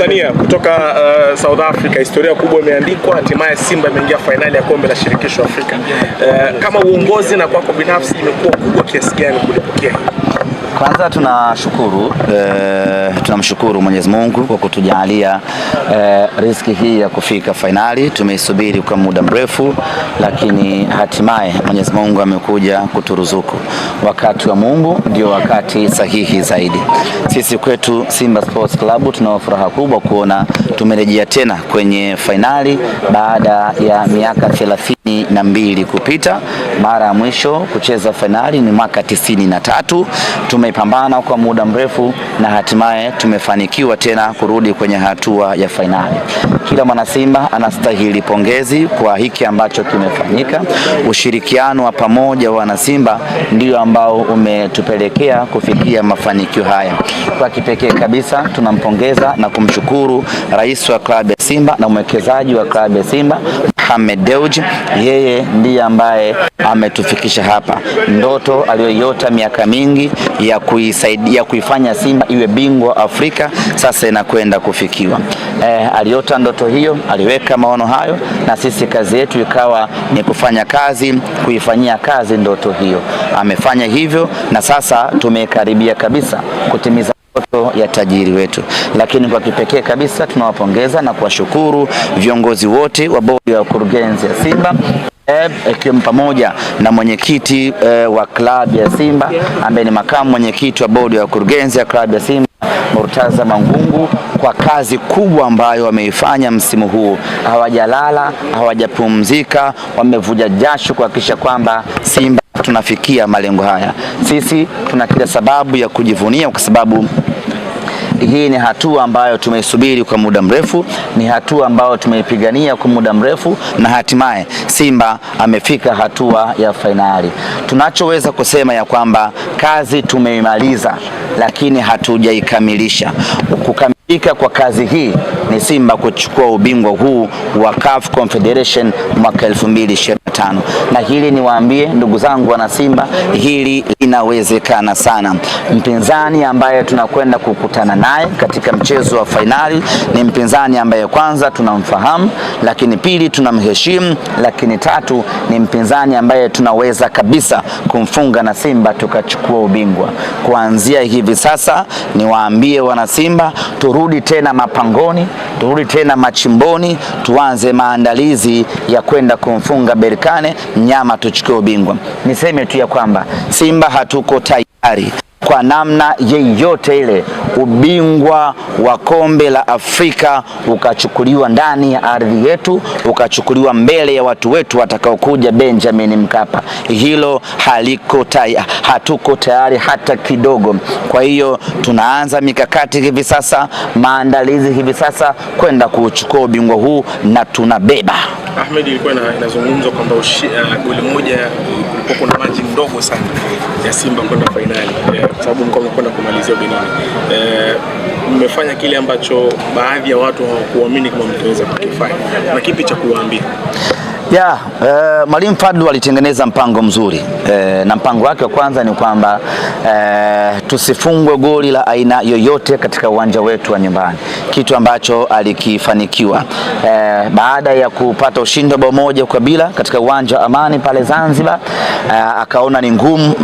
Tanzania kutoka uh, South Africa, historia kubwa imeandikwa, hatimaye Simba imeingia fainali ya kombe la shirikisho Afrika. Uh, kama uongozi na kwako binafsi imekuwa kubwa kiasi gani kulipokea kwanza tunashukuru eh, tunamshukuru Mwenyezi Mungu kwa kutujalia eh, riski hii ya kufika fainali. Tumeisubiri kwa muda mrefu, lakini hatimaye Mwenyezi Mungu amekuja kuturuzuku. Wakati wa Mungu ndio wakati sahihi zaidi. Sisi kwetu Simba Sports Club tuna furaha kubwa kuona tumerejea tena kwenye fainali baada ya miaka 30 na mbili kupita. Mara ya mwisho kucheza fainali ni mwaka tisini na tatu. Tumepambana kwa muda mrefu na hatimaye tumefanikiwa tena kurudi kwenye hatua ya fainali. Kila mwanasimba anastahili pongezi kwa hiki ambacho kimefanyika. Ushirikiano wa pamoja wa wanasimba ndio ambao umetupelekea kufikia mafanikio haya. Kwa kipekee kabisa tunampongeza na kumshukuru rais wa klabu ya Simba na mwekezaji wa klabu ya Simba Mohamed Dewji yeye ndiye ambaye ametufikisha hapa, ndoto aliyoiota miaka mingi ya kuisaidia kuifanya Simba iwe bingwa Afrika sasa inakwenda kufikiwa. Eh, aliota ndoto hiyo, aliweka maono hayo, na sisi kazi yetu ikawa ni kufanya kazi, kuifanyia kazi ndoto hiyo. Amefanya hivyo na sasa tumekaribia kabisa kutimiza oto ya tajiri wetu. Lakini kwa kipekee kabisa tunawapongeza na kuwashukuru viongozi wote wa bodi ya wakurugenzi ya Simba eh, ikiwemo pamoja na mwenyekiti e, wa klabu ya Simba ambaye ni makamu mwenyekiti wa bodi ya wakurugenzi ya klabu ya Simba Murtaza Mangungu kwa kazi kubwa ambayo wameifanya msimu huu. Hawajalala, hawajapumzika, wamevuja jasho kuhakikisha kwamba Simba tunafikia malengo haya. Sisi tuna kila sababu ya kujivunia kwa sababu hii ni hatua ambayo tumeisubiri kwa muda mrefu, ni hatua ambayo tumeipigania kwa muda mrefu, na hatimaye Simba amefika hatua ya fainali. Tunachoweza kusema ya kwamba kazi tumeimaliza, lakini hatujaikamilisha. Kukamilika kwa kazi hii ni Simba kuchukua ubingwa huu wa CAF Confederation mwaka 2020 tano. Na hili niwaambie ndugu zangu wana Simba, hili linawezekana sana. Mpinzani ambaye tunakwenda kukutana naye katika mchezo wa fainali ni mpinzani ambaye kwanza tunamfahamu, lakini pili tunamheshimu, lakini tatu ni mpinzani ambaye tunaweza kabisa kumfunga na Simba tukachukua ubingwa. Kuanzia hivi sasa niwaambie wana Simba, turudi tena mapangoni, turudi tena machimboni, tuanze maandalizi ya kwenda kumfunga Berkane tupatikane, mnyama tuchukue ubingwa. Niseme tu ya kwamba Simba hatuko tayari kwa namna yeyote ile ubingwa wa kombe la Afrika ukachukuliwa ndani ya ardhi yetu, ukachukuliwa mbele ya watu wetu watakaokuja Benjamin Mkapa. Hilo haliko tayari, hatuko tayari hata kidogo. Kwa hiyo tunaanza mikakati hivi sasa, maandalizi hivi sasa kwenda kuuchukua ubingwa huu na tunabeba. Ahmed, ilikuwa inazungumzwa kwamba uh, goli moja hapo kuna maji ndogo sana ya Simba kwenda fainali eh, kwa sababu mko mnakwenda kumalizia Benin. Eh, mmefanya kile ambacho baadhi ya watu hawakuamini kama mtaweza kukifanya, na kipi cha kuwaambia? ya uh, Mwalimu Fadlu alitengeneza mpango mzuri uh, na mpango wake wa kwanza ni kwamba uh, tusifungwe goli la aina yoyote katika uwanja wetu wa nyumbani, kitu ambacho alikifanikiwa uh, baada ya kupata ushindi wa bao moja kwa bila katika uwanja wa Amani pale Zanzibar uh, akaona ni ngumu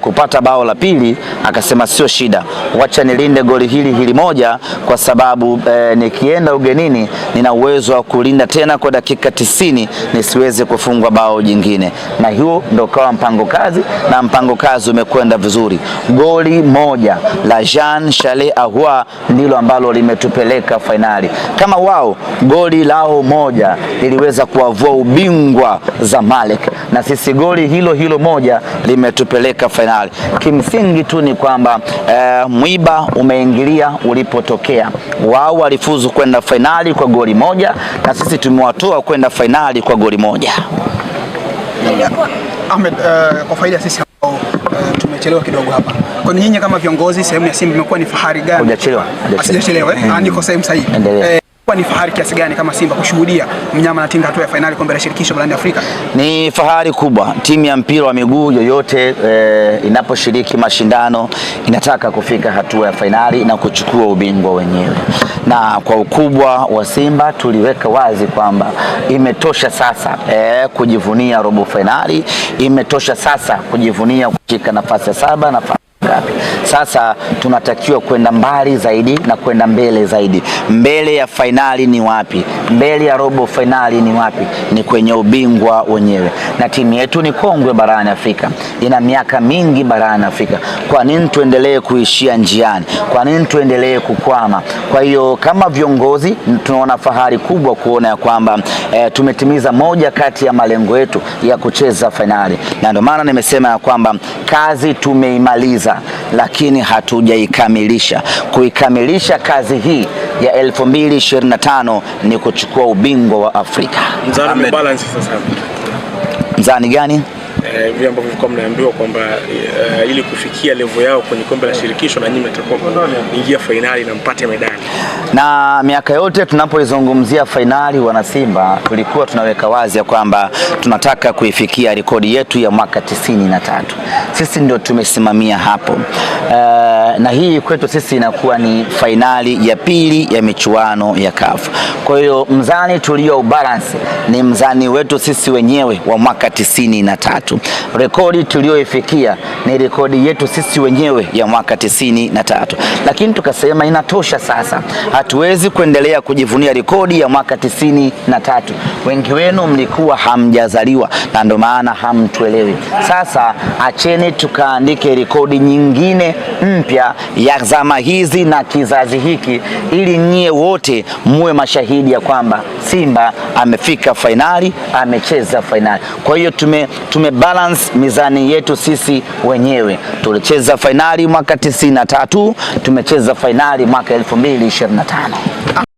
kupata bao la pili, akasema sio shida, wacha nilinde goli hili hili moja kwa sababu uh, nikienda ugenini nina uwezo wa kulinda tena kwa dakika tisini ni lisiweze kufungwa bao jingine, na hiyo ndo kawa mpango kazi, na mpango kazi umekwenda vizuri. Goli moja la Jean Charles Ahoua ndilo ambalo limetupeleka fainali. Kama wao goli lao moja liliweza kuwavua ubingwa Zamalek, na sisi goli hilo hilo moja limetupeleka fainali. Kimsingi tu ni kwamba eh, mwiba umeingilia ulipotokea. Wao walifuzu kwenda fainali kwa goli moja na sisi tumewatoa kwenda fainali kwa goli moja. Ahmed, uh, kwa faida sisi ambao uh, tumechelewa kidogo hapa. Kwa nini nyinyi kama viongozi sehemu ya Simba imekuwa ni fahari gani? Hujachelewa. Hujachelewa. Eh? Mm. Ah, niko sehemu sahihi inakuwa ni fahari kiasi gani kama Simba kushuhudia mnyama na Tinga hatua ya fainali kombe la shirikisho barani Afrika? Ni fahari kubwa. Timu ya mpira wa miguu yoyote e, inaposhiriki mashindano inataka kufika hatua ya fainali na kuchukua ubingwa wenyewe, na kwa ukubwa wa Simba tuliweka wazi kwamba imetosha sasa e, kujivunia robo fainali, imetosha sasa kujivunia kushika nafasi ya saba nafasi ngapi. Sasa tunatakiwa kwenda mbali zaidi na kwenda mbele zaidi. Mbele ya fainali ni wapi? Mbele ya robo fainali ni wapi? Ni kwenye ubingwa wenyewe, na timu yetu ni kongwe barani Afrika, ina miaka mingi barani Afrika. Kwa nini tuendelee kuishia njiani? Kwa nini tuendelee kukwama? Kwa hiyo kama viongozi tunaona fahari kubwa kuona ya kwamba e, tumetimiza moja kati ya malengo yetu ya kucheza fainali, na ndio maana nimesema ya kwamba kazi tumeimaliza lakini hatujaikamilisha. Kuikamilisha kazi hii ya 2025 ni kuchukua ubingwa wa Afrika. Mzani balance sasa. Mzani gani? Eh, Vile ambavyo vilikuwa mnaambiwa kwamba eh, ili kufikia levo yao kwenye kombe la shirikisho na nyinyi mtakuwa ingia fainali na mpate medali na miaka yote tunapoizungumzia fainali wanasimba, tulikuwa tunaweka wazi ya kwamba tunataka kuifikia rekodi yetu ya mwaka tisini na tatu. Sisi ndio tumesimamia hapo uh, na hii kwetu sisi inakuwa ni fainali ya pili ya michuano ya CAF. Kwa hiyo mzani tulio balance ni mzani wetu sisi wenyewe wa mwaka tisini na tatu. Rekodi tuliyoifikia ni rekodi yetu sisi wenyewe ya mwaka tisini na tatu, lakini tukasema inatosha sasa, hatuwezi kuendelea kujivunia rekodi ya mwaka tisini na tatu. Wengi wenu mlikuwa hamjazaliwa na ndio maana hamtuelewi. Sasa acheni tukaandike rekodi nyingine mpya historia ya zama hizi na kizazi hiki, ili nyie wote muwe mashahidi ya kwamba Simba amefika fainali, amecheza fainali. Kwa hiyo tume, tume balance mizani yetu sisi wenyewe. Tulicheza fainali mwaka 93, tumecheza fainali mwaka 2025.